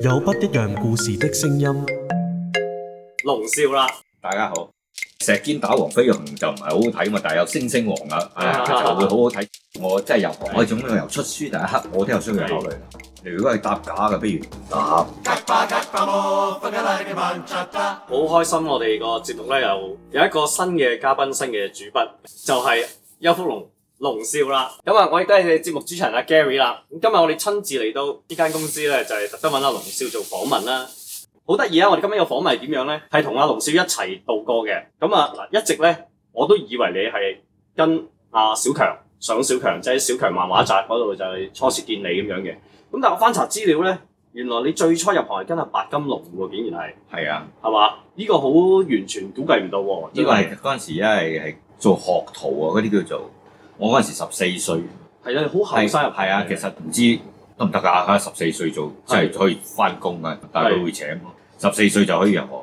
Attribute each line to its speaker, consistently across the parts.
Speaker 1: 有不一樣故事的聲音，龍少啦，大家好。《石堅打黃飛鴻》就唔係好好睇嘛，但係有星星王啊，就會好好睇。啊、我真係由是黃海由出書第一刻，我都有需要考慮。是如果係搭假嘅，不如搭。好開、啊、開心，我哋個節目咧有有一個新嘅嘉賓，新嘅主筆就係、是、邱福龍。龍少啦，咁啊，我亦都係你節目主持人阿 Gary 啦。今日我哋親自嚟到呢間公司咧，就係、是、特登搵阿龍少做訪問啦。好得意啊！我哋今日嘅訪問係點樣咧？係同阿龍少一齊度過嘅。咁啊，嗱，一直咧我都以為你係跟阿小強上小強，即、就、係、是、小強漫畫集嗰度就係初次見你咁樣嘅。咁但係我翻查資料咧，原來你最初入行係跟阿白金龍喎、啊，竟然係係是啊，係、這、嘛、個？呢個好完全估計唔到喎、啊。呢個係嗰陣時，一係係做學徒啊，嗰啲叫做。我嗰陣時十四歲，係啊，好後生入，係啊，其實唔知得唔得啊？嚇，十四歲做即係可以翻工啊。但係佢會請。十四歲就可以入行，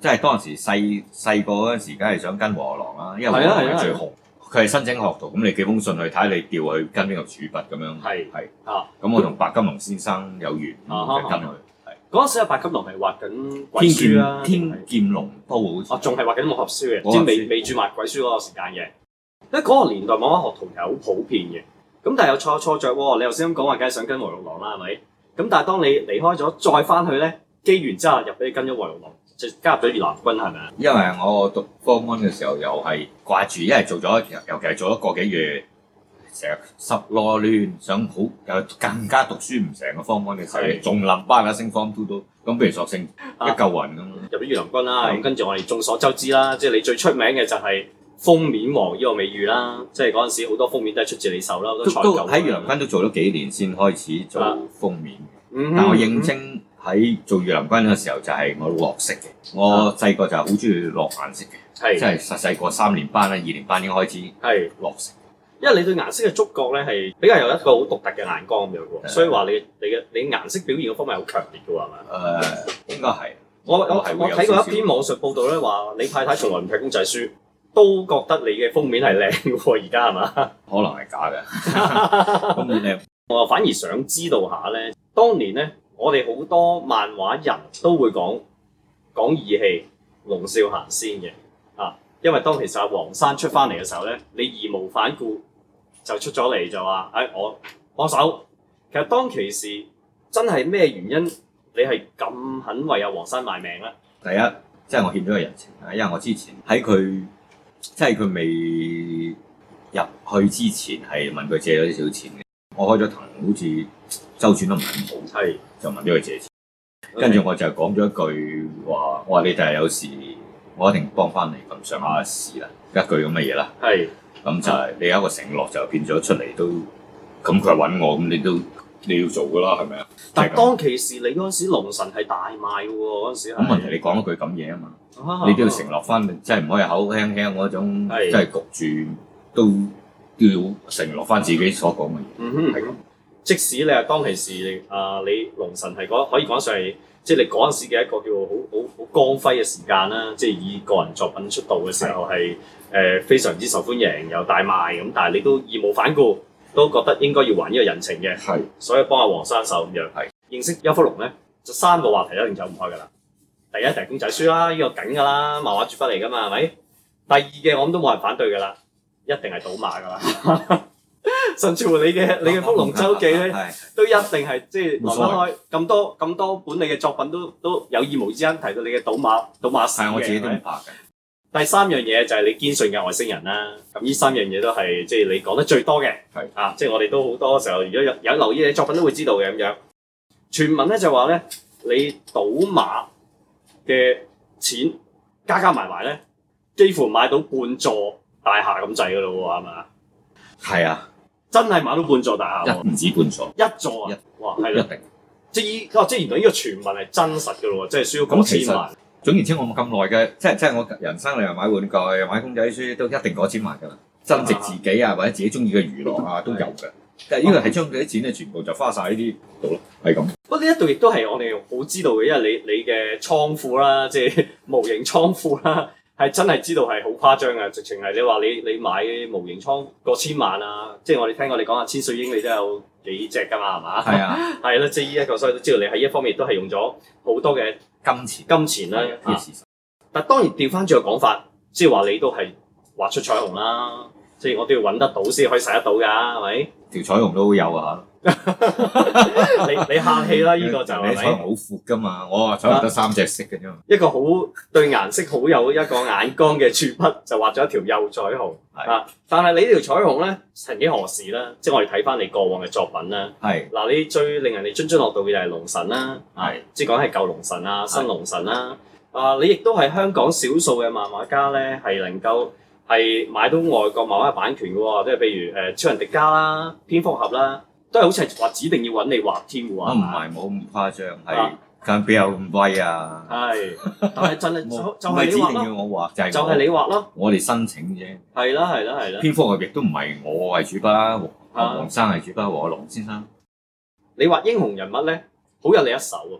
Speaker 1: 即係當時細細個嗰陣時，梗係想跟黃玉郎啦，因為黃玉郎係最紅。佢係申請學徒，咁你寄封信去睇下你調去跟邊個主筆咁樣。係係啊，咁我同白金龍先生有緣，跟佢。係嗰陣時白金龍係畫緊鬼書啦，天劍龍刀好似仲係畫緊武俠書嘅，即係未未轉埋鬼書嗰個時間嘅。咧嗰個年代，網安學童其實好普遍嘅，咁但係有錯錯著喎。你頭先咁講話，梗係想跟黃玉郎啦，係咪？咁但係當你離開咗，再翻去咧，機緣之後入咗跟咗黃玉郎，就加入咗越南軍係咪啊？因為我讀 Form 1嘅時候，又係掛住，因為做咗，尤其係做咗個幾月，成日濕羅亂，想好又更加讀書唔成啊，Form 1嘅時候，仲冧巴喇升 Form 2都，咁不如索性一嚿雲咁入咗越南軍啦，咁跟住我哋眾所周知啦，即係你最出名嘅就係。封面王呢個美譽啦，即係嗰陣時好多封面都係出自你手啦。我都喺玉林軍都做咗幾年先開始做封面。嗯、哼但我應徵喺做玉林軍嘅時候就係我落色嘅。我細個就好中意落顏色嘅，嗯、哼即係細細個三年班啦、二年班已經開始係落色。因為你對顏色嘅觸覺咧係比較有一個好獨特嘅眼光咁樣喎，的所以話你你嘅你顏色表現嘅方面好強烈嘅喎，係咪啊？誒、呃、應該係。我我我睇過一篇網上報道咧，話 你太太從來唔睇公仔書。都覺得你嘅封面係靚喎，而家係嘛？可能係假嘅，咁你靚。 我反而想知道下呢。當年呢，我哋好多漫畫人都會講講義氣，龍少行先嘅啊。因為當其時阿黃山出翻嚟嘅時候呢，你義無反顧就出咗嚟就話，哎，我幫手。其實當其時真係咩原因，你係咁肯為阿黃山賣命呢？第一，即係我欠咗個人情啊，因為我之前喺佢。即係佢未入去之前，係問佢借咗啲少錢嘅。我開咗騰，好似周轉都唔係咁好，係是就問咗佢借錢。跟住 Okay. 我就講咗一句話：我話你第日有事，我一定幫翻你咁上下事啦。一句咁嘅嘢啦。係是。咁就係你有一個承諾，就變咗出嚟都咁佢揾我，咁你都你要做㗎啦，係咪啊？但係當其時你嗰陣時龍神係大賣嘅喎，嗰陣時係。是咁，問題，你講一句咁嘢啊嘛。你都要承諾返，即係唔可以口輕輕嗰種，即係焗住都要承諾返自己所講嘅嘢。嗯哼，即使你話當其時啊、呃，你龍神係可以講上係，即係你嗰陣時嘅一個叫好好好、好光輝嘅時間啦，即係以個人作品出道嘅時候係誒的、呃、非常之受歡迎，又大賣咁，但係你都義無反顧，都覺得應該要還呢個人情嘅。係的，所以幫阿黃生手咁樣。係的，認識邱福龍咧，就三個話題一定走唔開㗎喇。第一題公仔書啦，呢、呢個梗噶啦，漫畫絕筆嚟噶嘛，係咪？第二嘅我諗都冇人反對噶啦，一定係賭馬噶啦。 甚至乎你嘅你嘅《福龍周記》咧、嗯，嗯嗯、都一定係即係離不開咁多咁多本你嘅作品都都有意無之間提到你嘅賭馬，賭馬我自己都係拍嘅。第三樣嘢就係你堅信嘅外星人啦。咁呢三樣嘢都係即係你講得最多嘅。係是啊，即係我哋都好多時候，如果有有留意你作品都會知道嘅咁樣。全文咧就話咧，你賭馬，嘅錢加加埋埋咧，幾乎買到半座大廈咁滯噶咯喎，係咪？係啊，真係買到半座大廈，唔一止半座，一座一啊！哇，係啦，一定，即係依，即係原來呢個傳聞係真實噶咯，即係需要九千萬。總言之，我咁耐嘅，即係即係我人生嚟買玩具、買公仔書，都一定過千萬噶啦，增值自己啊，或者自己中意嘅娛樂啊，都有噶。的但係因為係將佢啲錢咧，全部就花晒喺呢啲度咯，係咁。不過呢一度亦都係我哋好知道嘅，因為你你嘅倉庫啦，即係模型倉庫啦，係真係知道係好誇張嘅，直情係你話你你買模型倉過千萬啊！即係我哋聽我哋講啊，千歲鷹你都有幾隻㗎嘛，係嘛？係啊，係啦， 即係依一個，所以都知道你喺依一方面都係用咗好多嘅金錢金錢啦嘅事實。啊、但係當然調翻轉嘅講法，即係話你都係畫出彩虹啦。即係我都要揾得到先可以使得到㗎，係咪？條彩虹都有啊！ 你你客氣啦，呢 個就係、是。彩虹好闊㗎嘛， 我啊彩虹得三隻色嘅啫嘛。一個好對顏色好有一個眼光嘅鉛筆，就畫咗一條幼彩虹啊！是的 但係你條彩虹咧，曾幾何時咧？即係我哋睇翻你過往嘅作品啦。係嗱是的、啊，你最令人哋津津樂道嘅就係龍神啦，即係講係舊龍神啊、新龍神啦。啊，你亦都係香港少數嘅漫畫家咧，係能夠。係買到外國漫畫嘅版權嘅喎，即係譬如誒超人迪加啦、蝙蝠俠啦，都係好似係話指定要揾你畫添嘅喎。唔係，冇咁誇張，係佢又咁威啊。係， 但係真係就就係你指定要我畫，就係就係你畫咯。我哋申請啫。係啦呀，係啦，係啦。蝙蝠俠亦都唔係我係主筆啦，黃生係主筆，黃阿龍先生。你畫英雄人物咧，好有你一手啊！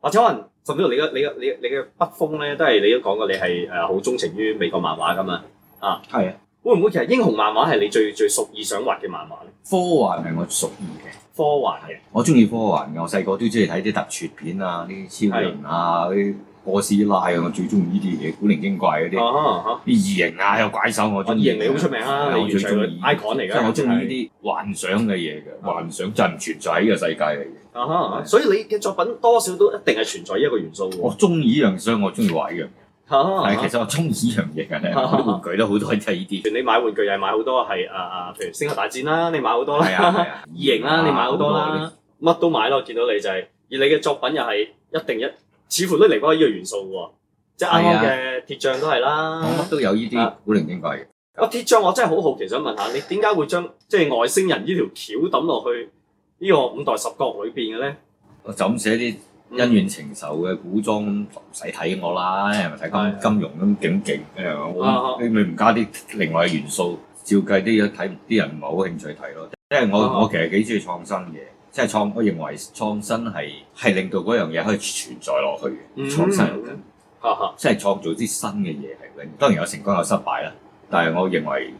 Speaker 1: 或者可能甚至乎你嘅你嘅你嘅筆鋒咧，都係你都講過你係誒好鍾情於美國漫畫嘅嘛。啊，係啊，會唔會其實英雄漫畫係你最最屬意想畫嘅漫畫咧？科幻係我屬意嘅，科幻係啊，我中意科幻嘅，我細個都中意睇啲特撮片啊，啲超人啊，啲哥斯拉啊，我最中意呢啲嘢，古靈精怪嗰啲，啲異形啊，有怪獸我中意。異形你好出名啊，你最中意 icon 嚟嘅。即係我中意呢啲幻想嘅嘢嘅，幻想就係唔存在呢個世界嚟嘅。所以你嘅作品多少都一定係存在一個元素喎。我中意呢樣，所以我中意畫依樣。係，啊啊、但其實我鍾意呢樣嘢嘅，啲、啊、玩具都好多，即係依啲。啊、你買玩具又係買好多，係啊啊，譬如《星球大戰》啦、啊啊， 你買好多啦，異形啦，你買好多啦，乜都買咯。見到你就係、是，而你嘅作品又係一定一，似乎都離唔開依個元素喎。即係啱啱嘅鐵匠都係啦，乜、啊、都有呢啲古靈精怪嘅。我、啊啊、鐵匠，我真係好好奇想問下，你點解會將即係外星人呢條橋抌落去呢個五代十國裏邊嘅咧？我就咁寫啲。恩怨情仇嘅古裝唔使睇我啦，睇金的金融咁勁勁？係你咪唔加啲另外嘅元素，啊、哈照計啲嘢睇，啲人唔係好興趣睇咯。因為我、啊、哈我其實幾中意創新嘅，即係創，我認為創新係係令到嗰樣嘢可以存在落去嘅，創新嚟緊即係創造啲新嘅嘢嚟嘅。當然有成功有失敗啦，但係我認為。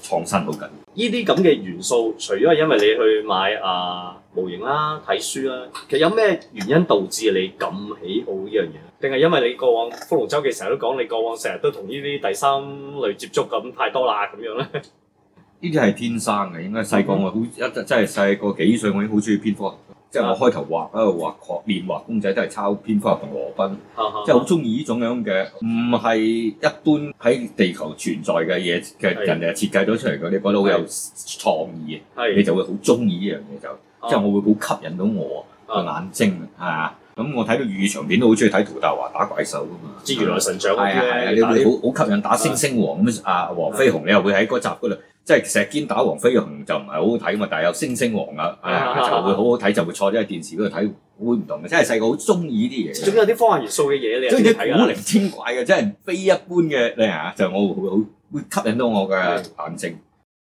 Speaker 1: 創新好緊，呢啲咁嘅元素，除咗係因為你去買啊、呃、模型啦、睇書啦，其實有咩原因導致你咁喜好呢樣嘢？定係因為你過往《福龍周記》成日都講，你過往成日都同呢啲第三類接觸咁太多啦咁樣咧？呢啲係天生嘅，應該細個我好一真係細個幾歲，我已經好中意蝙蝠。即係我開頭畫喺度畫，畫面畫公仔都係抄蝙蝠俠同羅賓，即係好中意呢種樣嘅，唔係一般喺地球存在嘅嘢嘅人哋設計咗出嚟嘅，你覺得好有創意嘅，你就會好中意呢樣嘢就，即係我會好吸引到我個眼睛啊！咁我睇到預告長片都好中意睇陶大華打怪獸噶嘛，即係原來神掌嗰啲咧，但係好好吸引打星星王咁啊！黃飛鴻你又會喺嗰集嗰度。即係石堅打黃飛鴻就唔係好好睇啊嘛，但係有星星王啊，啊就會好好睇，就會坐咗喺電視嗰度睇，會唔同嘅。即係細個好中意啲嘢，仲有啲科幻元素嘅嘢你嚟睇啊，古靈精怪嘅，真係非一般嘅，吓 就我會好會吸引到我嘅眼睛。的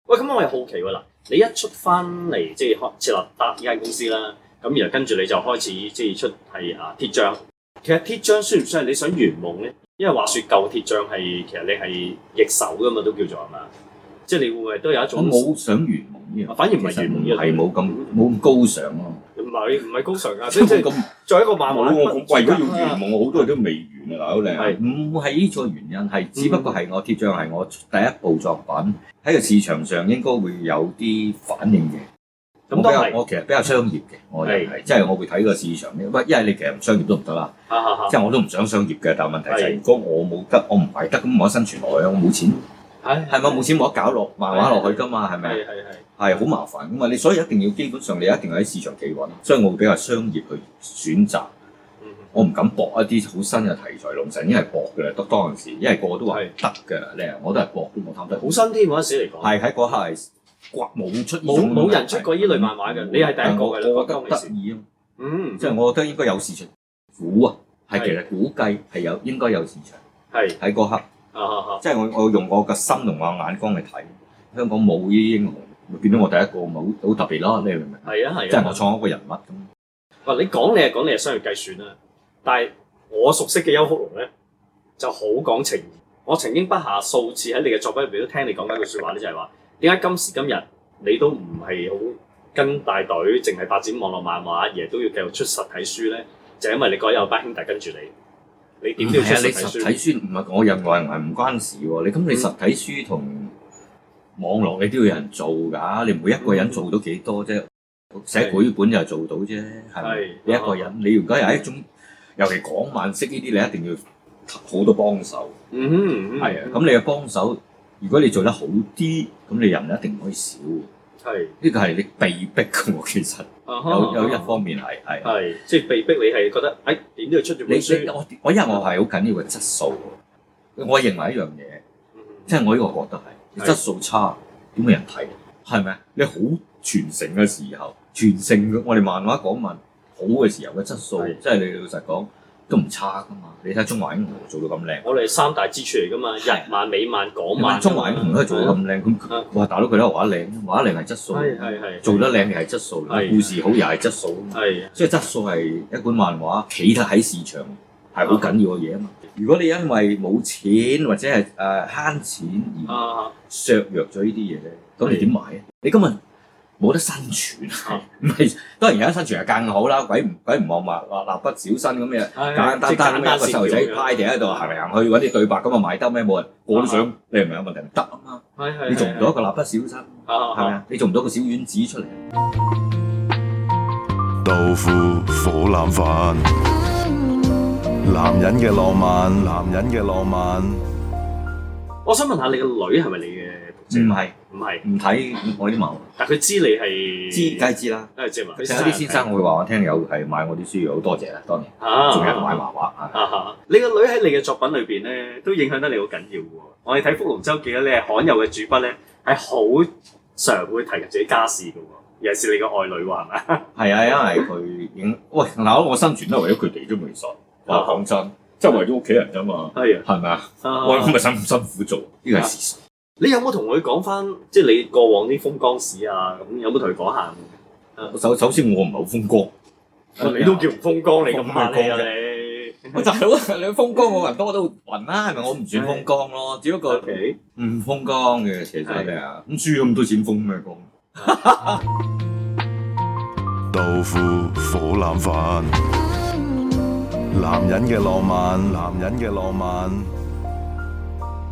Speaker 1: 喂，咁我又好奇喎，嗱，你一出翻嚟即係開設立搭呢間公司啦，咁然後跟住你就開始即係出係啊鐵匠。其實鐵匠算唔算你想圓夢咧？因為話說舊鐵匠係其實你係易手噶嘛，都叫做係嘛。即係你會唔會都有一種？我冇想圓滿呢樣，反而其實圓滿，係冇咁冇咁高尚咯。唔係唔係高尚噶，即係咁作為一個漫畫。為咗要圓滿，我好多嘢都未完啊！嗱，你好靚。係唔係呢個原因？係只不過係我鐵仗係我第一部作品，喺個市場上應該會有啲反應嘅。咁比較。我其實比較商業嘅，我哋係即係我會睇個市場。因為你其實唔商業都唔得啦。即係我都唔想商業嘅，但係問題就係如果我冇得，我唔係得咁，我生存落去，我冇錢。係係咪冇錢冇得搞落漫畫落去㗎嘛？係咪係係係好麻煩㗎嘛？你所以一定要基本上你一定係喺市場企穩，所以我會比較商業去選擇。我唔敢搏一啲好新嘅題材咯，神，因為係搏㗎啦，得當時，因為個個都話得嘅，咧，我都係搏，都冇貪得。好新添喎，史嚟講係喺嗰刻係冇出冇冇人出過呢類漫畫嘅。你係第一個㗎啦。覺得得意啊，嗯，即係我覺得應該有市場。估啊，係其實估計係有應該有市場，係喺刻。啊，即係我我用我嘅心同我眼光去睇，香港冇依啲英雄，咪變咗我第一個好好特別咯？你明唔明？係啊，係啊！啊，即係我創一個人物咁。嗱、啊，你講你係講你係商業計算啦，但係我熟悉嘅邱福龍咧，就好講情義。我曾經不下數次喺你嘅作品入面都聽你講緊句説話咧，就係話點解今時今日你都唔係好跟大隊，淨係發展網絡漫畫，而係都要繼續出實體書咧，就是，因為你嗰有班兄弟跟住你。係啊，你實體書唔係我任何人唔關事喎。你咁你實體書同網絡你都要有人做㗎。你唔會一個人做到幾多啫？寫繪本又做到啫，係咪？你一個人，你而家有一種，尤其講慢式呢啲，你一定要好多幫手。嗯嗯嗯，係啊。咁你嘅幫手，如果你做得好啲，咁你人一定唔可以少。係，呢個係你被逼㗎喎，其實有有一方面係係，即係被逼你係覺得，哎點都要出住本書。你我我因為我係好緊要個質素喎，我認為一樣嘢，即係我呢個覺得係，質素差點嘅人睇，係咪啊？你好傳承嘅時候，傳承我哋漫畫講文好嘅時候嘅質素，即係你老實講。都唔差噶嘛，你睇中華英雄做到咁靚，我哋三大支柱嚟噶嘛，的日漫、美漫、港漫，中華英雄都係做到咁靚，咁的哇大佬佢都畫得靚，畫得靚係質素，做得靚又係質素，的故事好又係質素嘛，所以質素係一本漫畫企喺喺市場係好緊要嘅嘢啊嘛。的如果你因為冇錢或者係誒慳錢而削弱咗呢啲嘢咧，咁你點賣啊？的你今日？冇得生存，唔係當然而家生存又更好啦。鬼唔鬼唔望話蠟筆小新咁嘅，簡簡單單一個細路仔派地喺度，行嚟行去揾啲對白咁啊，買得咩？冇人過都想，你係咪有問題？得啊嘛，你做唔到一個蠟筆小新，係啊？你做唔到個小丸子出嚟。豆腐火腩飯，男人嘅浪漫，男人嘅浪漫。我想問下你個女係咪你嘅唔係。唔係唔睇我啲漫畫，但佢知你係知梗係知啦，梗係啲先生會話我聽有係買我啲書，好多謝啦，當然，仲有買畫畫。啊對你個女喺你嘅作品裏邊咧，都影響得你好緊要喎。我哋睇《福龍舟記》咧，罕有嘅主筆咧，係好常會提及自己家事嘅喎。尤其是你嘅愛女喎，係咪啊？係啊，因為佢影喂嗱，我生存都係為咗佢哋做藝術。話講真，即係為咗屋企人啫嘛。係啊，係咪啊？我咪想咁辛苦做，呢個係事實。你有冇同佢講翻，即係你過往啲風光史啊？咁有冇同佢講下？首首先我唔係好風光，嗯、你都叫風光，風光你咁咩嘅？你我就好， 你風光我人多、啊，是是我都暈啦，係咪？我唔算風光咯，的只不過唔風光嘅，其實唔輸咁多錢，的風咩光。豆腐 火腩飯，男人嘅浪漫，男人嘅浪漫。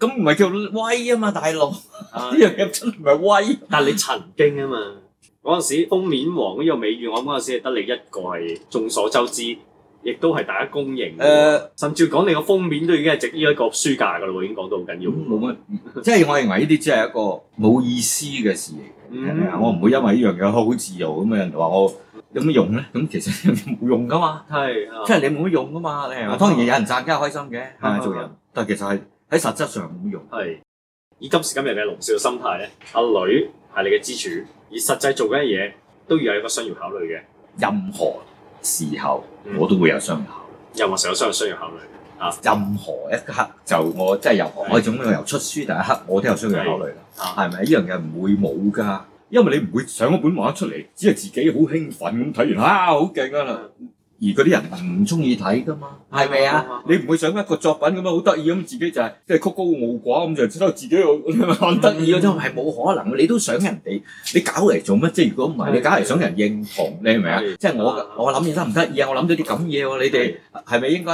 Speaker 1: 咁唔係叫威啊嘛，大佬呢樣嘢真係唔係威。但係你曾經啊嘛，嗰陣時封面王呢個美譽，我嗰陣時係得你一個係眾所周知，亦都係大家公認。誒，甚至講你個封面都已經係值依一個書價噶啦，已經講到好緊要。冇乜，即係我認為呢啲只係一個冇意思嘅事嚟，我唔會因為呢樣嘢好自由咁啊，人哋話我有乜用咧？咁其實冇用噶嘛，係，即係你冇乜用噶嘛，你。當然有人讚，梗係開心嘅，係做人，但係其實係。喺實質上冇用。係，以今時今日嘅龍少嘅心態咧，阿女係你嘅支柱，而實際做緊嘅嘢，都要有一個商業考慮嘅。任何時候我都會有商業考慮。任何時候有商業考慮啊！任何一刻就我即係、就是、由何，是我從我由出書第一刻，我都有商業考慮啦。係咪是？呢、啊、樣嘢唔會冇噶因為你唔會上一本畫出嚟，只係自己好興奮咁睇完，啊好勁啊！啦！而嗰啲人唔中意睇噶嘛，係咪啊？你唔會想一個作品咁樣好得意咁，自己就係即係曲高傲寡，咁就只能自己又咁得意嗰種，係冇可能。你都想人哋，你搞嚟做乜？即係如果唔係，你搞嚟想人認同，你係咪啊？即係我我諗嘢得唔得意啊？我諗到啲咁嘢喎，你哋係咪應該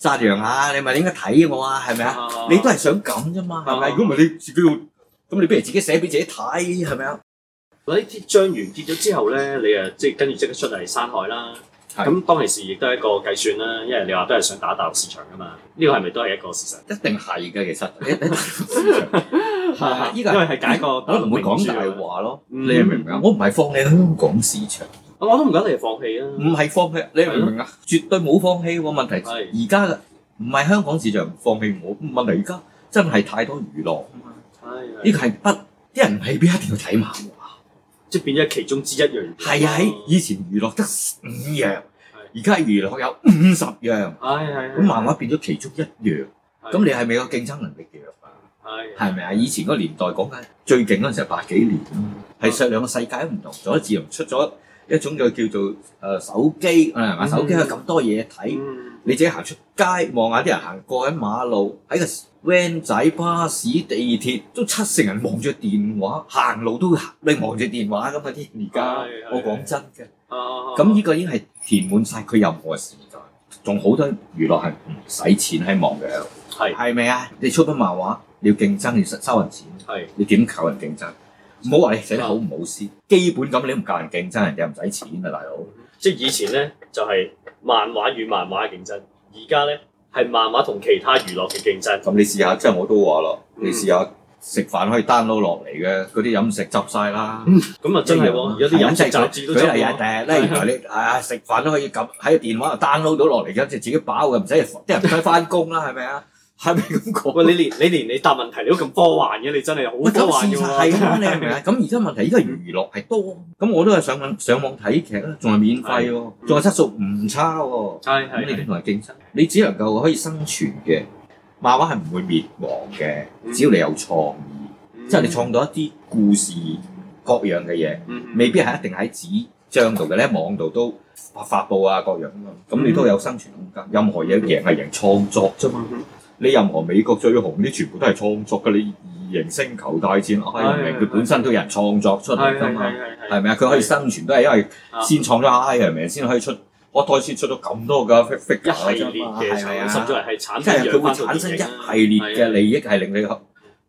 Speaker 1: 讚揚下？你咪應該睇我啊？係咪啊？你都係想咁啫嘛？係咪？如果唔係你自己又咁，你不如自己寫俾自己睇，係咪啊？嗱，啲章完結咗之後咧，你誒即係跟住即刻出嚟山海啦。咁當其時亦都係一個計算啦，因為你話都係想打大陸市場噶嘛，呢個係咪都係一個事實？一定係噶，其實。大陸市場係係，因為係解個，我唔會講大話咯。你明唔明啊？我唔係放棄香港市場，我都唔覺得你放棄啊。唔係放棄，你明唔明啊？絕對冇放棄喎。問題而家嘅唔係香港市場放棄，好問題而家真係太多娛樂。呢個係不，啲人唔係必一定要睇嘛。即變咗其中之一樣，係啊！以前娛樂得五樣，而家娛樂有五十樣，咁漫畫變咗其中一樣。咁你係咪有競爭能力嘅？係咪啊？以前嗰個年代講緊最勁嗰陣時係八幾年咯，係實兩個世界都唔同，咗自由出咗。一種就叫做誒手機啊，嗯、手機有咁多嘢睇，嗯、你自己行出街望下啲人行過喺馬路，喺個 van 仔、巴士、地鐵都七成人望住電話，行路都會你望住電話噶嘛啲，而家，我講真嘅。咁呢個已經係填滿晒佢任何時代。仲好多娛樂係唔使錢喺望嘅，係係咪啊？你出本漫畫，你要競爭你要實收人錢，係是你點靠人競爭？唔好話你寫得好唔好先，基本咁你唔教人競爭，人哋又唔使錢啊，大佬。即係以前咧就係、是、漫畫與漫畫嘅競爭，而家咧係漫畫同其他娛樂嘅競爭。咁、嗯、你試下，即係我都話咯，你試下食飯可以 download 落嚟嘅嗰啲飲食執晒啦。咁啊、嗯、真㗎，而家啲飲食雜誌都執曬。舉例、嗯就是、的啊，第日例如你啊食 飯都可以撳喺電話度 download 到落嚟嘅，就自己包嘅，唔使啲人唔使翻工啦，係咪啊？ 係咪咁講？喂，你連你連你答問題你都咁科幻嘅，你真係好科幻嘅喎。咁而家問題，依家娛樂係多，咁我都係上網上網睇劇啦，仲係免費喎，仲係質素唔差喎。咁、嗯嗯、你唔同埋競爭，你只能夠可以生存嘅，漫畫係唔會滅亡嘅，只要你有創意，即係、嗯呃、你創造一啲故事各樣嘅嘢，未必係一定喺紙張度嘅，咧網度都發發布啊各樣咁，嗯嗯嗯、你都有生存空間。任何嘢贏係贏創作啫嘛。你任何美國最紅啲，全部都係創作㗎。你異形星球大戰、Iron 佢、哎、呀本身都有人創作出嚟㗎嘛？係咪啊？佢可以生存都係因為先創咗係咪？先、啊、可以出，我再先出咗咁多嘅一系列嘅財，啊、甚至即係佢會產生一系列嘅利益，係令、啊、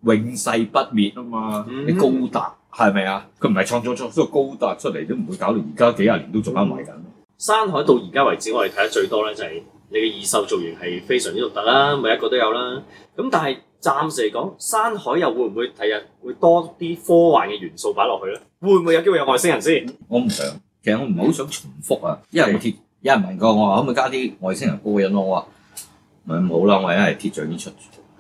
Speaker 1: 你永世不滅啊嘛！你高達係咪啊？佢唔係創作出咗高達出嚟都唔會搞到而家幾廿年都仲啱賣緊。山海到而家為止，我哋睇得最多咧就係、是。你嘅異獸造型係非常之獨特啦，每一個都有啦。咁但係暫時嚟講，山海又會唔會第日會多啲科幻嘅元素擺落去咧？會唔會有機會有外星人先？我唔想，其實我唔係好想重複啊。因為鐵有人問過我，我可唔可以加啲外星人個人咯，我話唔係咁好啦，我而家係鐵像已出咗，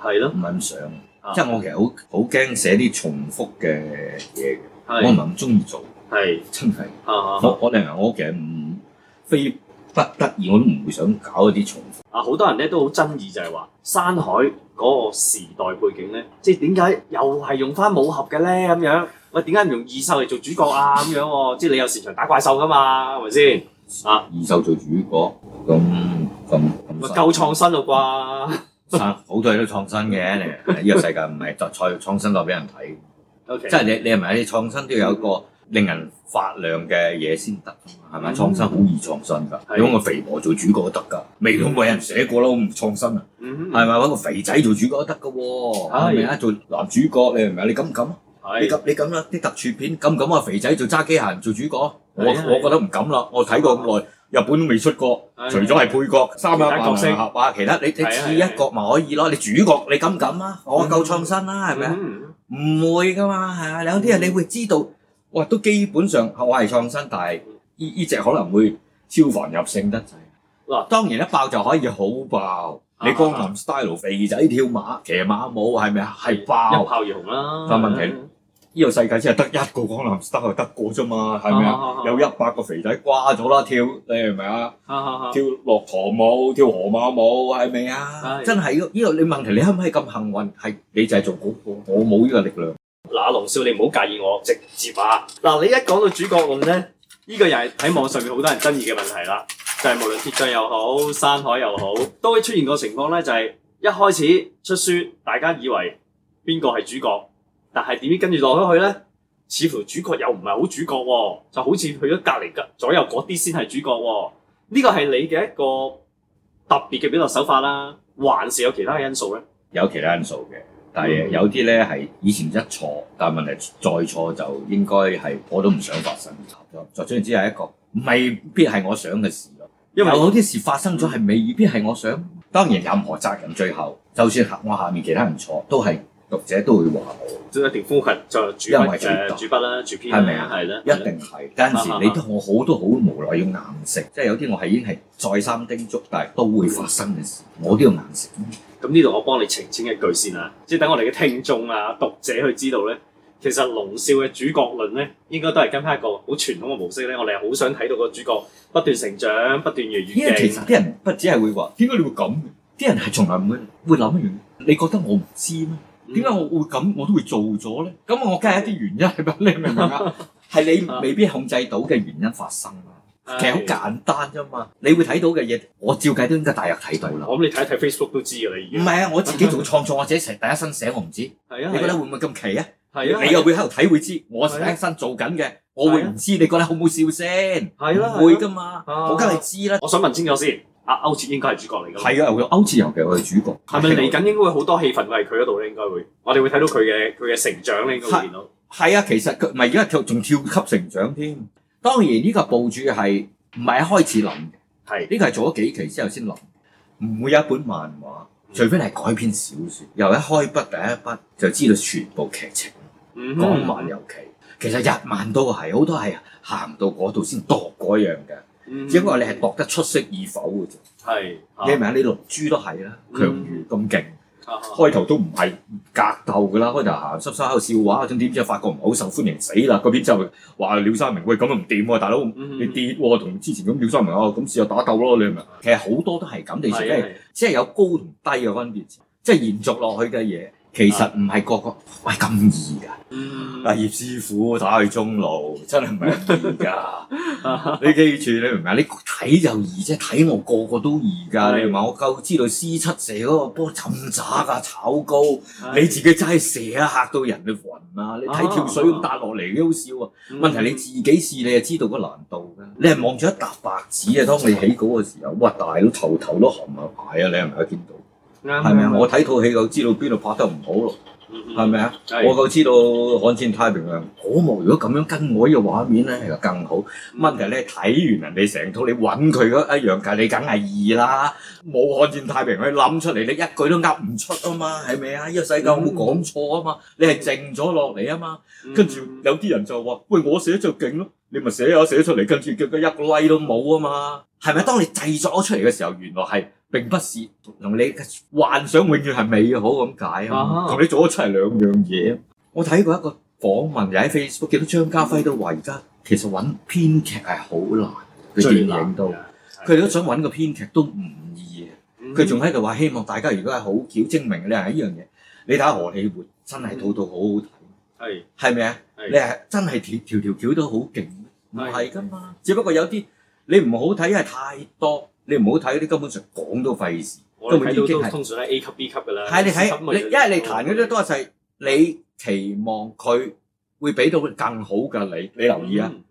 Speaker 1: 係咯的，唔係咁想。啊、因為我其實好好驚寫啲重複嘅嘢嘅，我唔係咁中意做。係真係，我我另外我其實唔飛。非不得已我都唔會想搞一啲重複。啊，好多人咧都好爭議，就係話《山海》嗰個時代背景咧，即係點解又係用返武俠嘅咧咁樣？喂，點解唔用異獸嚟做主角啊咁樣喎、啊？即係你有時常打怪獸㗎嘛，係咪先？啊，異獸做主角，咁咁咁夠創新啦啩？好多嘢都創新嘅，呢、 這個世界唔係再創新就俾人睇。O Okay . K，即係你你係咪啲創新都要有個、嗯？令人發亮嘅嘢先得，係咪？創新好易創新㗎，揾個肥婆做主角都得㗎，未到冇人寫過咯，唔創新啊，係咪？揾個肥仔做主角都得㗎喎，係咪啊？做男主角，你明唔明？你敢唔敢？你敢你敢啦！啲特撮片敢唔敢啊？肥仔做揸機械人做主角，我我覺得唔敢啦。我睇過咁耐，日本都未出過，除咗係配角，三級明星啊，其他你你次一角咪可以咯？你主角你敢唔敢啊？我夠創新啦，係咪啊？唔會㗎嘛，係啊！有啲人你會知道。哇！都基本上我係創新，但係呢呢隻可能會超凡入聖得滯。嗱，當然一爆就可以好爆。你江南 style 肥仔跳馬、騎馬舞係咪啊？係爆，一炮而紅啦。但問題呢個世界只係得一個江南 style 得個啫嘛，係咪啊？有一百個肥仔掛咗啦跳，你係咪啊？跳駱駝舞、跳河馬舞係咪啊？真係呢個你問題，你可唔可以咁幸運？係你就係做嗰個，我冇呢個力量。嗱，龍少，你唔好介意我直接啊！嗱，你一講到主角論咧，呢、這個又係喺網上面好多人爭議嘅問題啦。就係、是、無論鐵將又好，山海又好，都會出現個情況咧，就係、是、一開始出書，大家以為邊個係主角，但係點知跟住落咗去咧，似乎主角又唔係好主角、啊，就好似去咗隔籬左右嗰啲先係主角、啊。呢個係你嘅一個特別嘅表達手法啦、啊，還是有其他嘅因素咧？有其他因素嘅。但係有啲咧係以前一錯，但係問題再錯就應該係我都唔想發生。錯咗，錯咗，總之係一個未必係我想嘅事咯。因為我有啲事發生咗係、嗯、未必係我想。當然，任何責任最後，就算我下面其他人錯，都係讀者都會話我。一定封殺就主筆最大。因為主筆啦，係咪啊？係啦，的一定係。有陣時你我好多好無奈要硬食，即係有啲我係已經係再三叮囑，但係都會發生嘅事，我都要硬食。咁呢度我幫你澄清一句先啊，即係等我哋嘅聽眾啊、讀者去知道咧，其實龍少嘅主角論咧，應該都係跟翻一個好傳統嘅模式咧。我哋係好想睇到個主角不斷成長、不斷越嚟越嘅。因為其實啲人不只係會話，點解你會咁？啲人係從來唔會會諗乜嘢？你覺得我唔知咩？點解我會咁？我都會做咗咧。咁我梗係有啲原因係嘛？你明唔明啊？係你未必控制到嘅原因發生。其實好簡單啫嘛，你會睇到嘅嘢，我照計都應該大約睇到啦。我諗你睇一睇 Facebook 都知噶啦，已經。唔係啊，我自己做創作或者一齊第一身寫，我唔知。係啊。你覺得會唔會咁奇啊？係啊。你又會喺度睇會知，我第一身做緊嘅，我會唔知？你覺得好唔好笑先？係啦，會噶嘛？我梗係知啦。我想問清楚先，阿歐哲應該係主角嚟噶嘛？係啊，係啊，歐哲尤其係主角。係咪嚟緊應該會好多戲份喎？佢嗰度咧，應該會。我哋會睇到佢嘅佢嘅成長呢應該係啊，其實佢唔係而家佢仲跳級成長添。當然呢、這個佈置係唔係一開始諗嘅？係呢是個係做咗幾期之後先諗，唔會有一本漫畫，除非係改編小説，由一開筆第一筆就知道全部劇情，講漫尤其其實日漫都個係好多係行到嗰度先度嗰樣嘅，只不過你係度得出色與否嘅啫。係是你明唔明？啊、你龍珠都係啦，強、嗯、哼如咁勁。開頭、啊、都唔係格鬥㗎喇，開頭鹹濕濕喺度笑話，點知又發覺唔係好受歡迎，死啦！嗰、嗯、邊就話廖三明喂咁啊唔掂喎，大佬、嗯、你跌喎，同、哦、之前咁廖三明啊咁試下打鬥咯，你明唔明？其實好多都係咁，而且即係有高同低嘅分別，即係延續落去嘅嘢。其實唔係個個係咁易噶，阿、嗯啊、葉師傅打去中路真係唔係易噶，你記住你明唔明？你睇就易啫，睇我個個都易噶，的你話我夠知道 C 七射嗰個波咁渣噶炒高，的你自己真係蛇、啊、嚇到人嘅暈啊！你睇跳水咁搭落嚟幾好笑喎、啊？啊、問題你自己試你就知道個難度㗎，嗯、你係望住一沓白紙啊，當你起稿嘅時候，哇大佬頭頭都含唔埋啊！你係咪有見到？係咪、嗯？我睇套戲就知道邊度拍得唔好咯，係咪啊？是我就知道《悍戰太平洋》好冇？如果咁樣跟我呢個畫面咧，係更好。問題咧，睇完人哋成套，你揾佢嗰一樣嘅，你梗係二啦。冇《悍戰太平洋》你諗出嚟，你一句都噏唔出啊嘛，係咪啊？一世都冇講錯啊嘛，你係靜咗落嚟啊嘛。跟住有啲人就話：喂，我寫就勁咯，你咪寫啊，寫出嚟，跟住結果一個歪、like、都冇啊嘛。係咪？當你製作咗出嚟嘅時候，原來係。並不是同你幻想永遠係美好咁、啊、哈 解，同你做咗出嚟兩樣嘢。我睇過一個訪問，又喺 Facebook，見到張家輝都話：而家其實揾編劇係好難，佢電影到。佢哋都想揾個編劇都唔易。佢仲喺度話： 希望大家如果係好巧精明，你係一樣嘢。你睇下《何以活》真，真係套套好好睇，係係咪啊？你係真係條條條橋都好勁，唔係噶嘛？ 是只不過有啲你唔好睇係太多。你唔好睇啲根本上講都費事。我哋睇、就係、通常係 A 級 B 級㗎啦。係你睇，你一係你彈嗰啲都係，你期望佢會俾到更好嘅你，你留意啊。嗯、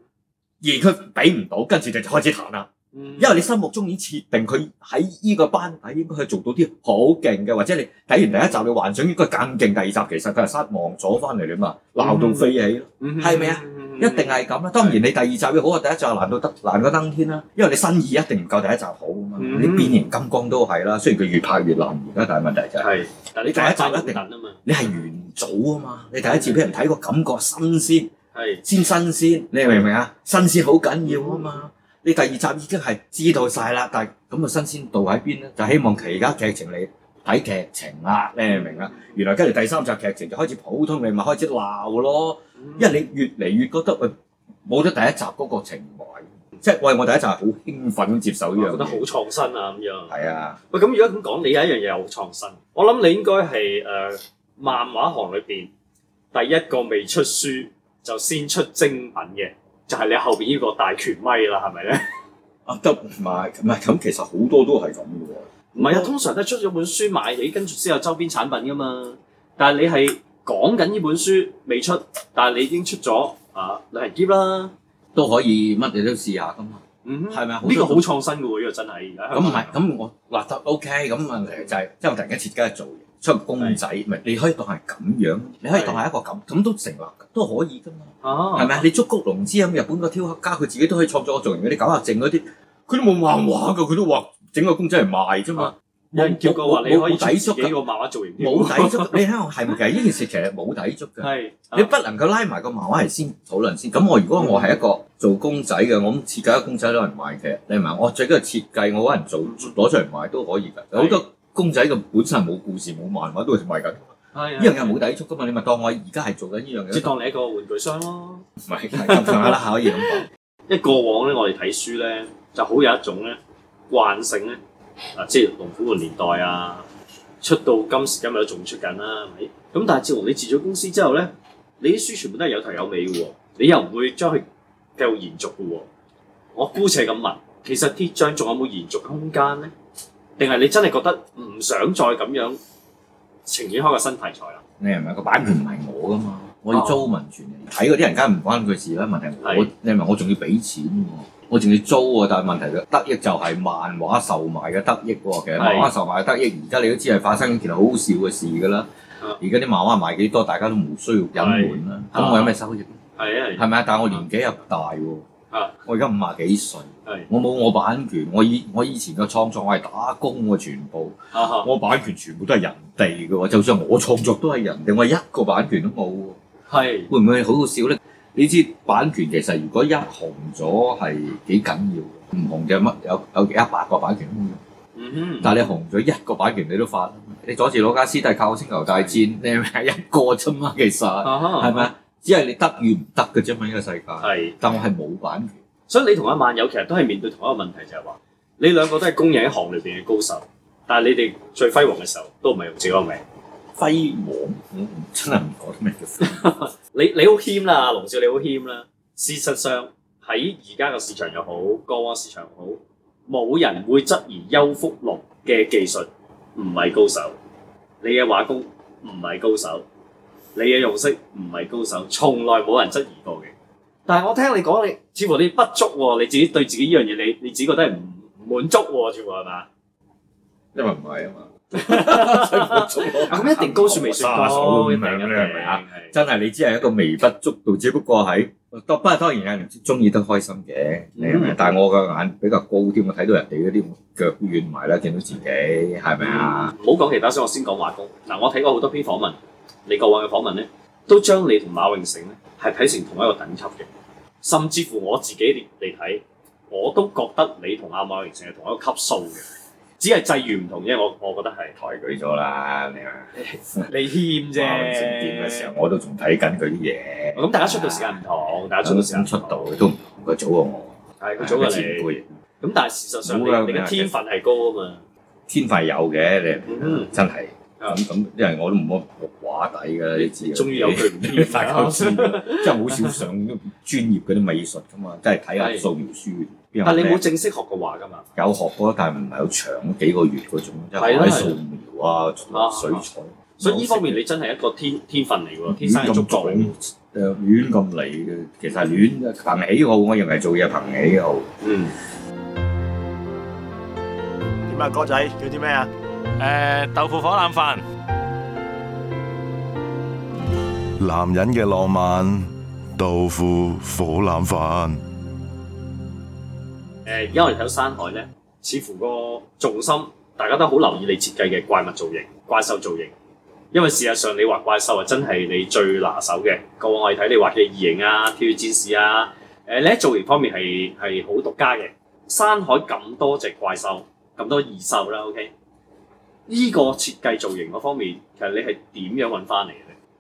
Speaker 1: 而佢俾唔到，跟住就開始彈啦。因為你心目中已經設定佢喺呢個班底應該係做到啲好勁嘅，或者你睇完第一集，你幻想應該更勁，第二集其實佢係失望咗翻嚟你啦嘛，鬧到飛起，係咪啊？係一定係咁啦，當然你第二集要好過第一集難到得難過登天啦，因為你新意一定唔夠第一集好啊嘛。嗯、你變形金剛都係啦，雖然佢越拍越爛而家，但係問題就係、是，但你第一集，第一，集一定，嗯、你係元祖啊嘛，嗯、你第一次俾人睇個感覺新鮮，是先新鮮，你明唔明啊？是新鮮好緊要啊嘛，嗯、你第二集已經係知道晒啦，但係咁啊新鮮度喺邊咧？就希望其他劇情你睇劇情啊，你明唔明啊？原來跟住第三集劇情就開始普通你咪開始鬧咯。因為你越嚟越覺得冇咗第一集嗰個情懷，即係喂，我第一集係好興奮接受呢樣，覺得好創新啊咁樣。係啊，喂，咁如果咁講，你有一樣嘢好創新，我諗你應該係誒漫畫行裏邊第一個未出書就先出精品嘅，就係你後邊呢個大權威啦，係咪咧？啊得唔買？唔係咁，其實好多都係咁嘅喎。唔係啊，通常都係出咗本書賣起，跟住先有周邊產品噶嘛。但係你係。講緊呢本書未出，但係你已經出咗，啊，你係 keep 啦，都可以乜嘢都試下噶嘛，嗯，係咪、嗯？呢個好創新嘅喎，呢個真係。咁唔係，咁我嗱得 OK，咁問題就係，即係我突然間設計做嘢，出個公仔，唔係你可以當係咁樣，你可以當係一個咁，咁都成立，都可以噶嘛，啊，係咪啊？你竹谷隆之咁日本個雕刻家，佢自己都可以創作做完嗰啲搞下政嗰啲，佢都冇畫畫㗎，佢都畫整個公仔嚟賣啫嘛。啊叫你可以抵觸畀個漫畫做完，冇抵觸？你睇我係唔係？呢件事其實冇抵觸嘅。係，你不能夠拉埋個漫畫嚟先討論先。咁我如果我係一個做公仔嘅，我咁設計個公仔攞人賣嘅，你唔係我最緊要設計，我可能做攞出嚟賣都可以㗎。好多公仔嘅本身冇故事冇漫畫都係賣緊，一樣係冇抵觸㗎嘛。你咪當我而家係做緊呢樣嘢，即係當你一個玩具商咯。唔係，咁上下啦可以咁講。咁因為過往咧，我哋睇書咧就好有一種咧慣性咧。啊！即係龍虎門年代啊，出到今時今日都仲出緊啦、啊，係咪？咁但係趙龍，你辭咗公司之後咧，你啲書全部都係有頭有尾嘅、啊，你又唔會將佢繼續延續嘅、啊。我姑且咁問，其實鐵匠仲有冇延續空間咧？定係你真係覺得唔想再咁樣呈現開個新題材啦、啊？你係咪個版權唔係我噶嘛？我要租民權嚟睇嗰啲人家唔關佢事啦。問題我是你明，明我仲要俾錢喎，我仲要租喎。但係問題就得益就係漫畫售賣嘅得益喎。其實漫畫售賣嘅得益，而家是你都知係發生件好少嘅事㗎啦。而家啲漫畫賣幾多，大家都唔需要隱瞞啦。咁是我有咩收益？係啊係。係咪啊？是是但係我年紀又大喎。啊、我而家五廿幾歲。是我冇我版權。我以我以前嘅創作，我係打工喎全部。啊、哈我版權全部都係人哋嘅喎，就算我創作都係人哋，我一個版權都冇。係是會唔會好好笑咧？你知版權其實如果一紅咗係幾緊要，唔紅就乜有有幾百個版權。嗯嗯，但係你紅咗一個版權你都發，你佐治盧卡斯靠《星球大戰》，你係一個啫嘛，其實係咪啊哈？只係你得與唔得嘅啫嘛，呢、這個世界係，是但我係冇版權，所以你同阿萬友其實都係面對同一個問題就，就係話你兩個都係公認行裏邊嘅高手，但係你哋最輝煌嘅時候都唔係用自己個名。輝煌、嗯，嗯，真係唔講得咩嘅。你你好謙啦，龍少，你好謙啦。事實上喺而家個市場又好，個個市場又好，冇人會質疑邱福龍嘅技術唔係高手，你嘅畫工唔係高手，你嘅用色唔係高手，從來冇人質疑過嘅。但係我聽你講，你似乎你不足喎、啊，你自己對自己依樣嘢，你你自己覺得係唔滿足喎、啊，全部係嘛？因為唔係啊嘛。咁、 嗯、一定高數未熟，你明嘅係咪啊？的真係你只係一個微不足道，只不過係，不過當然有人中意得開心嘅、嗯。但係我嘅眼比較高啲，我睇到人哋嗰啲腳軟埋啦，見到自己係咪啊？唔好講其他先，我先講畫工嗱。我睇過好多篇訪問，你過往嘅訪問咧，都將你同馬榮成咧係睇成同一個等級嘅，甚至乎我自己嚟睇，我都覺得你同阿馬榮成係同一個級數嘅。只係際遇唔同，因為我我覺得係抬舉咗啦，你啊，你謙啫。成嘅時候我都仲睇緊佢啲嘢。咁、 哦、大家出道時間唔同，啊、大家出道時間、嗯、出道，都唔同。佢早過我，係佢、哎、早過、啊、你。咁但係事實上，了你嘅天分係高啊嘛。天分有嘅，你、嗯、真係。咁咁，因為我都唔好畫底㗎，你知。終於有佢，大家知，真係好少上專業嗰啲美術噶嘛，即係睇下啲素描書。但你冇正式學過畫噶嘛？有學過，但係唔係好長幾個月嗰種，即係畫素描啊、水彩。所以呢方面你真係一個天天分嚟喎，天生咁作，誒亂咁嚟嘅，其實亂憑喜好，我認為做嘢憑喜好。嗯。點啊，哥仔，叫啲咩啊？誒，豆腐火腩飯，男人嘅浪漫，豆腐火腩飯。誒，而家我哋睇到山海咧，似乎個重心大家都好留意你設計嘅怪物造型、怪獸造型。因為事實上你畫怪獸啊，真係你最拿手嘅。過往我哋睇你畫嘅異形啊、跳躍戰士啊，誒，你喺造型方面係係好獨家嘅。山海咁多隻怪獸，咁多異獸啦，OK。呢個設計造型嗰方面，其實你係點樣揾翻嚟嘅？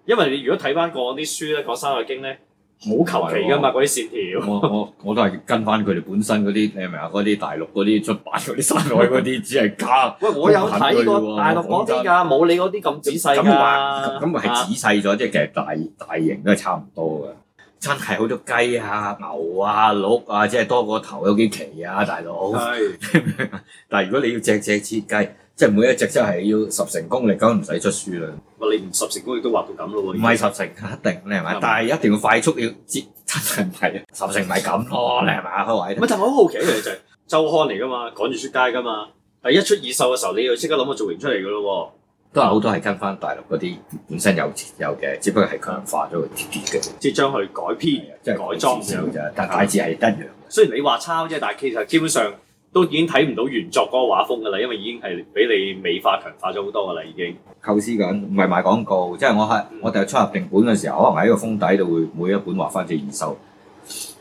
Speaker 1: 因為你如果睇翻嗰啲書咧，講《山海經》咧，好求其嘅嘛，嗰啲、啊、線條。我我我都係跟翻佢哋本身嗰啲，你明唔明啊？嗰啲大陸嗰啲出版嗰啲山海嗰啲，只係假。 喂，我有睇過大陸嗰啲㗎，冇你嗰啲咁仔細㗎。咁啊，咁係仔細咗，即係、啊、其實大大型都係差唔多嘅。真係好多雞啊、牛啊、鹿啊，即係多過頭有幾奇啊，大佬。 但係如果你要隻隻設計。即係每一隻真係要十成功力，梗唔使出書啦。唔十成功都畫到咁咯，唔係十成，一定你係咪？但係一定要快速要接，十成唔係。十成唔係咁咯，你係咪阿唔係，但我好好奇嘅嘢就係周刊嚟噶嘛，趕住出街噶嘛。係一出二手嘅時候，你要即刻諗個造型出嚟噶咯。都係好多係跟翻大陸嗰啲本身有有嘅，只不過係強化咗佢啲嘅，即係將佢改編，即係改裝嘅啫。但大致係一樣。雖然你話抄啫，但係其實基本上。都已經睇唔到原作嗰個畫風㗎喇，因為已經係俾你美化強化咗好多㗎喇，已經構思緊，唔係賣廣告，即、就、係、是、我係、嗯、我哋第日出合訂本嘅時候，可能喺個封底度會每一本畫翻隻異獸，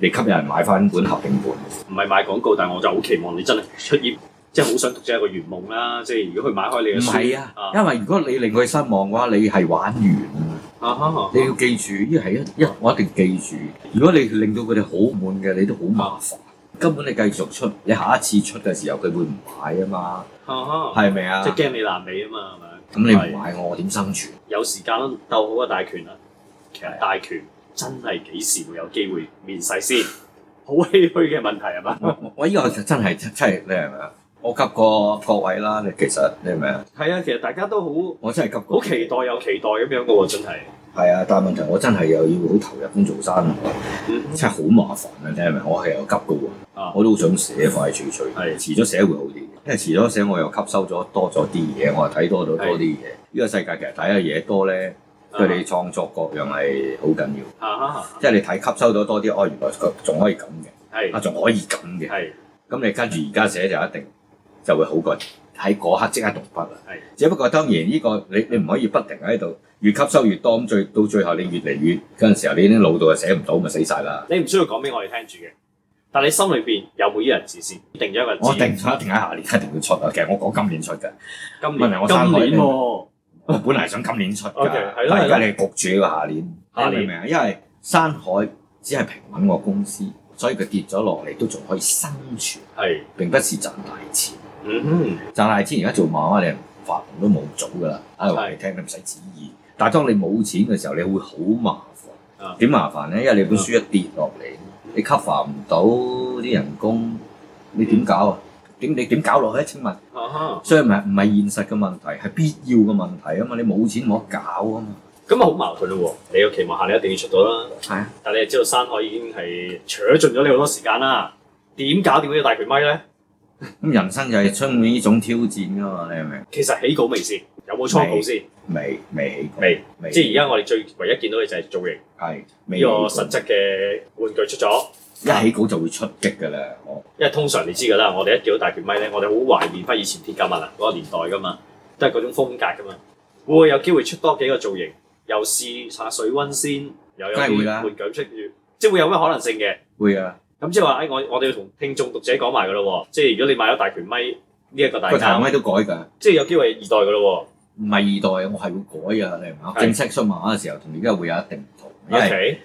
Speaker 1: 嚟吸引人買翻本合訂本。唔係賣廣告，但係我就好期望你真係出業，即係好想讀者一個圓夢啦。即、就、係、是、如果佢買開你嘅書，唔係啊，啊因為如果你令佢失望嘅話，你係玩完啊！啊你要記住，呢係一、啊、我一定記住。如果你令到佢哋好悶嘅，你都好麻煩。根本你繼續出，你下一次出嘅時候佢會唔買啊嘛？係咪啊？即係驚你爛尾啊嘛？係咪？咁你唔買我，我點生存？有時間鬥好個大權啊！其實大權真係幾時會有機會面世先？好唏噓嘅問題係咪？我呢個其實真係真係你係咪啊？我急過各位啦，你其實你係咪啊？係啊，其實大家都好，我真係急，好期待有期待咁樣嘅喎，真係。 係啊，但係問題我真係又要好投入工做生活，真係好麻煩嘅，聽你明唔明，我係有急嘅喎，我都好想寫快脆脆。係遲咗寫會好啲，因為遲咗寫我又吸收咗多咗啲嘢，我又睇多咗多啲嘢。呢是個世界其實睇嘅嘢多咧，對你創作各樣係好緊要。啊啊啊、即係你睇吸收咗多啲，哦、啊，原來仲可以咁嘅，係啊，仲可以咁嘅，係是。咁你跟住而家寫就一定就會好過。喺嗰刻即刻動筆啦，的只不過當然呢個你你唔可以不停喺度，越吸收越多咁，最到最後你越嚟越嗰陣時候你啲腦度又寫唔到，咪死晒啦！你唔需要講俾我哋聽住嘅，但你心裏邊有冇呢樣事先定咗一個？我定咗了，定喺下年，一定要出啊！其實我講今年出嘅，今年我今年喎、啊，我本嚟想今年出㗎， 但係而家你焗住呢個下年，明唔年明啊年？因為山海只係平穩個公司，所以佢跌咗落嚟都仲可以生存，係的並不是賺大錢。嗯，就係之前而家做漫畫你發行都冇做噶啦，喺度話你聽你唔使旨意，但係的當你冇錢嘅時候，你會好麻煩。點、啊、麻煩咧？因為你本書一跌落嚟，啊，你 cover 唔到啲人工，你點搞啊？點、嗯、你點搞落去啊？請問，啊、哈所以唔係唔係現實嘅問題，係必要嘅問題啊嘛？你冇錢冇得搞啊嘛？咁啊好麻煩咯喎！你個期望下你一定要出到啦。係啊的，但係你知道山海已經係扯盡咗你好多時間啦。點搞掂呢隻大鎚威咧？咁人生就係充滿呢種挑戰噶嘛，你明？其實起稿未先，有冇初稿先？未未起稿，未未。即係而家我哋最唯一見到嘅就係造型，係呢個實質嘅玩具出咗。一起稿就會出擊㗎啦，嗯、因為通常你知㗎啦，我哋一叫到大條咪咧，我哋好懷念翻以前鐵甲萬能嗰個年代㗎嘛，都係嗰種風格㗎嘛。會唔會有機會出多幾個造型？又試下水溫先，又有玩具出。即係會有咩可能性嘅？會㗎。咁即係話，誒我我哋要同聽眾讀者講埋嘅咯喎，即係如果你買咗大權咪呢一個大，個大咪都改㗎，即係有機會代二代嘅咯喎，唔係二代我係會改啊，你係咪啊？是正式出馬嘅時候同而家會有一定唔同，因為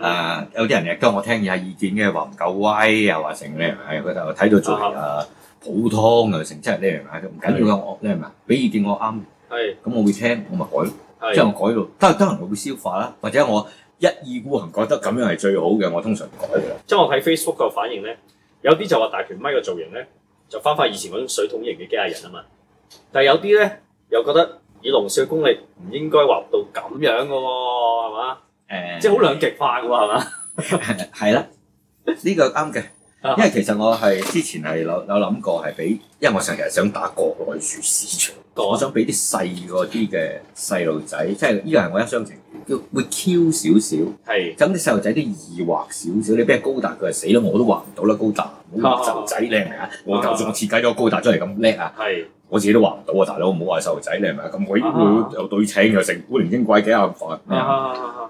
Speaker 1: 誒有啲人嚟鳩我聽下意見嘅，話唔夠威又話成呢樣佢就睇到做啊普通啊成出呢樣唔緊要嘅，我你係咪？俾意見我啱，係咁是我會聽，我咪改，即係是是我改到得得人會消化啦，或者我。一意孤行覺得咁樣係最好嘅，我通常改嘅。即係 我睇 Facebook 個反應咧，有啲就話大權咪個造型咧，就翻返以前嗰種水桶型嘅機械人啊嘛。但係有啲咧又覺得以龍少嘅功力唔應該畫到咁樣嘅、啊、喎，係嘛？誒，uh, 即係好兩極化嘅喎，係嘛？係 啦、uh,，呢、這個啱嘅。因為其實我係之前係有有諗過係俾，因為我成日想打國內説市場，我想俾啲細個啲嘅細路仔，即係呢個係我一廂情願，叫會 Q 少少，係就咁啲細路仔都易畫少少，你俾人高達佢係死啦，我都畫唔到啦高達，冇就宅仔靚 啊，啊我頭先我設計咗高達出嚟咁叻啊。我自己都畫唔到啊，大佬，唔好話細路仔，你係咪咁？佢佢有對稱又成古靈精怪幾啊款，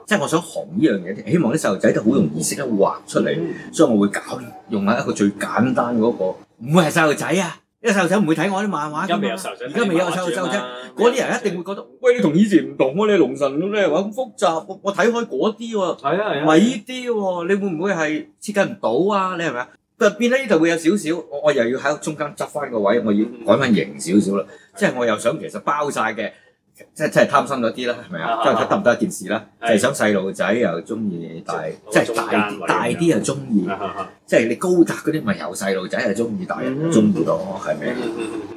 Speaker 1: 即係我想紅呢樣嘢，希望啲細路仔都好容易識得畫出嚟，所以我會搞用喺一個最簡單嗰個。唔會係細路仔啊，因為啲細路仔唔會睇我啲漫畫。而家未有細路仔，嗰啲人一定會覺得喂，你同以前唔同喎，你龍神咁咧，話咁複雜，我睇開嗰啲喎，係呢啲喎，你會唔會係設計唔到啊？你係咪啊？就變呢度會有少少，我又要喺中間執翻個位，我要改翻型少少啦。嗯、即係我又想其實包晒嘅，即係真係貪心咗啲啦，係咪啊？即係睇得唔得一件事啦，就係想細路仔又中意但大，即係大大啲又中意，即、啊、係你高達嗰啲咪有細路仔又中意，大、嗯、人又中意到，係咪？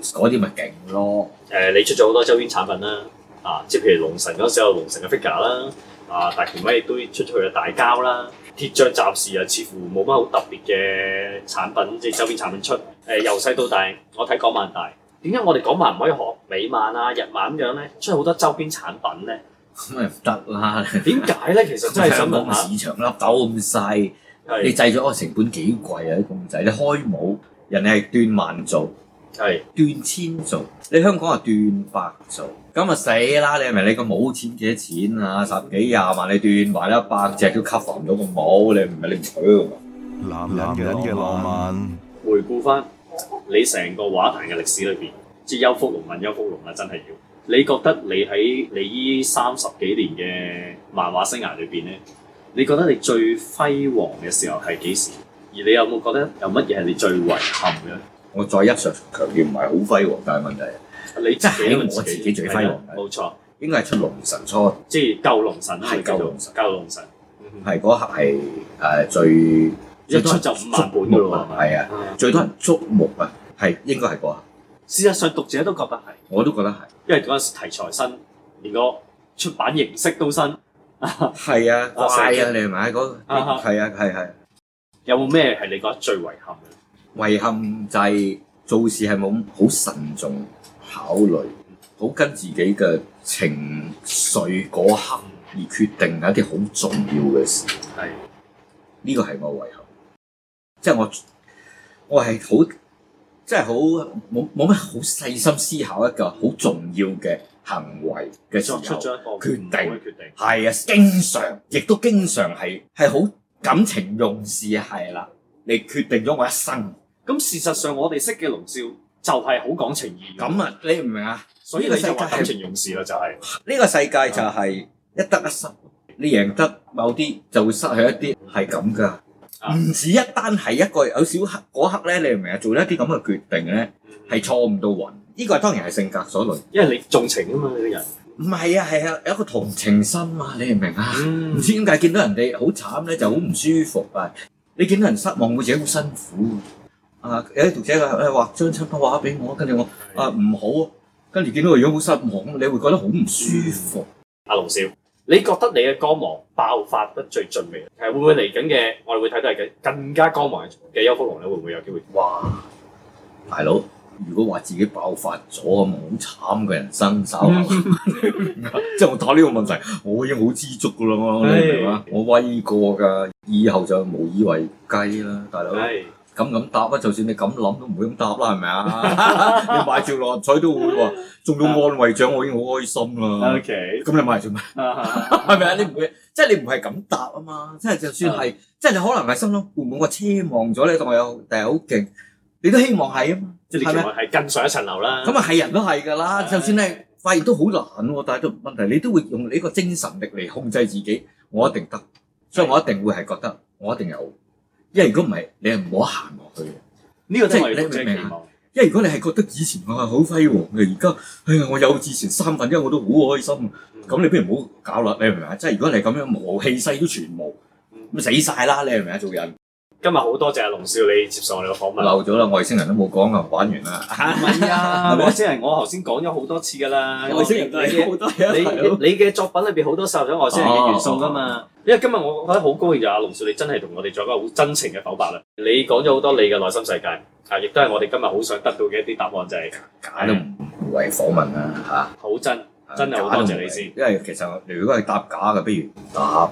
Speaker 1: 嗰啲咪勁咯。誒，uh, 你出咗好多周邊產品啦，啊，即係譬如龍神嗰陣時候有龍神嘅 figure 啦、啊，啊，大喬威亦都出咗佢大膠啦。鐵匠暫時啊，似乎冇乜好特別嘅產品，即係周邊產品出。誒，由細到大，我睇港漫大，點解我哋港漫唔可以學美漫啊、日漫咁樣咧？出好多周邊產品咧？咁咪唔得啦！點解咧？ 其實真係想問，市場粒豆咁細，的你製咗個成本幾貴啊？啲公仔，你開模，人哋係斷萬做，係的斷千做，你香港係斷百做。咁啊死啦！你係咪你個帽錢幾多錢啊？十幾廿萬，你斷埋一百隻都 cover 唔到個帽，你唔係你唔娶啊嘛！男人嘅浪漫，回顧翻你成個畫壇嘅歷史裏邊，即邱福龍，問邱福龍啊！真係要。你覺得你喺你依三十幾年嘅漫畫生涯裏邊咧，你覺得你最輝煌嘅時候係幾時？而你有冇覺得有乜嘢係你最遺憾嘅？我再一再強調唔係好輝煌，但係問題，即係我自己最輝煌，冇錯，應該係出龍神初，即係舊龍神啦，係舊龍神，舊龍神，係嗰刻係最一出就五萬本嘅咯，係啊，最多人矚目啊，係應該係嗰刻，事實上讀者都覺得係，我都覺得係。因為嗰陣時題材新，連個出版形式都新，係啊，怪啊，你係咪？係啊，係係，有冇咩係你覺得最遺憾嘅？遺憾就係做事係冇好慎重考慮，好跟自己嘅情緒嗰刻而決定一啲好重要嘅事。係的，呢個係我遺憾，即係我我係好即係好冇冇咩好細心思考一個好重要嘅行為嘅時候決定決定係啊，經常亦都經常係係好感情用事係啦，你決定咗我一生。咁事實上，我哋識嘅龍少就係好講情義。咁啊，你唔明啊？所以你世界、就是、就感情用事咯、就是，就係呢個世界就係一得一失。你贏得某啲，就會失去一啲，係咁㗎。唔、啊、止一單，係一個有小黑嗰刻咧，你明唔明啊？做一啲咁嘅決定咧，係錯誤到暈。呢、這個係當然係性格所累，因為你重情啊嘛，你個人。唔係啊，係啊，有一個同情心啊，你唔明啊？唔、嗯、知點解見到人哋好慘咧，就好唔舒服啊！你見到人失望，會自己好辛苦。啊！有啲讀者誒畫張插畫俾我，跟住我啊，唔好，跟住見到個樣好失望，你會覺得好唔舒服。阿龍、嗯啊、少，你覺得你嘅光芒爆發得最盡未？係會唔會嚟緊嘅？我哋會睇到係更加光芒嘅邱福龍，你會唔會有機會？哇！大佬，如果話自己爆發咗咁好慘嘅人生手，即係我打呢個問題，我已經好知足噶啦，你明嘛？我威過噶，以後就無以為繼啦，大佬。咁咁答啊！就算你咁諗都唔會咁答啦，係咪啊？ 你買條六合彩都會話中到安慰獎，我已經好開心啦。OK，咁你買做咩？係咪啊？你唔會即係你唔係咁答啊嘛！即係就算係， 即係你可能係心諗會冇個奢望咗你，同係又但係好勁，你都希望係啊嘛。即係、嗯、吧你期望係更上一層樓啦。咁啊，係人都係㗎啦。就算你發現都好難喎，但係都唔問題。你都會用你一個精神力嚟控制自己，我一定得，所以我一定會係覺得我一定有。因為如果唔係，你係唔好行落去嘅。呢個真係你唔明。因為如果你係覺得以前我係好輝煌嘅，而家哎我有之前三分一我都好開心，咁你不如唔好搞啦。你明唔明啊？即係如果你係咁樣，冇氣勢都全冇，咁死晒啦！你明唔明啊？做人。今日好多謝阿龍少你接受我哋嘅訪問。漏咗啦，外星人都冇講啊，玩完啦。唔係啊，外星人我頭先講咗好多次噶啦，外星人都係嘅。你嘅作品裏邊好多滲咗外星人嘅元素噶嘛？因為今日我覺得好高興，就阿龍少你真係同我哋作一個好真情嘅剖白啦。你講咗好多你嘅內心世界，啊，亦都係我哋今日好想得到嘅一啲答案，就係假都唔為訪問啦，吓。好真，真係好多謝你先。因為其實如果係答假嘅，不如答。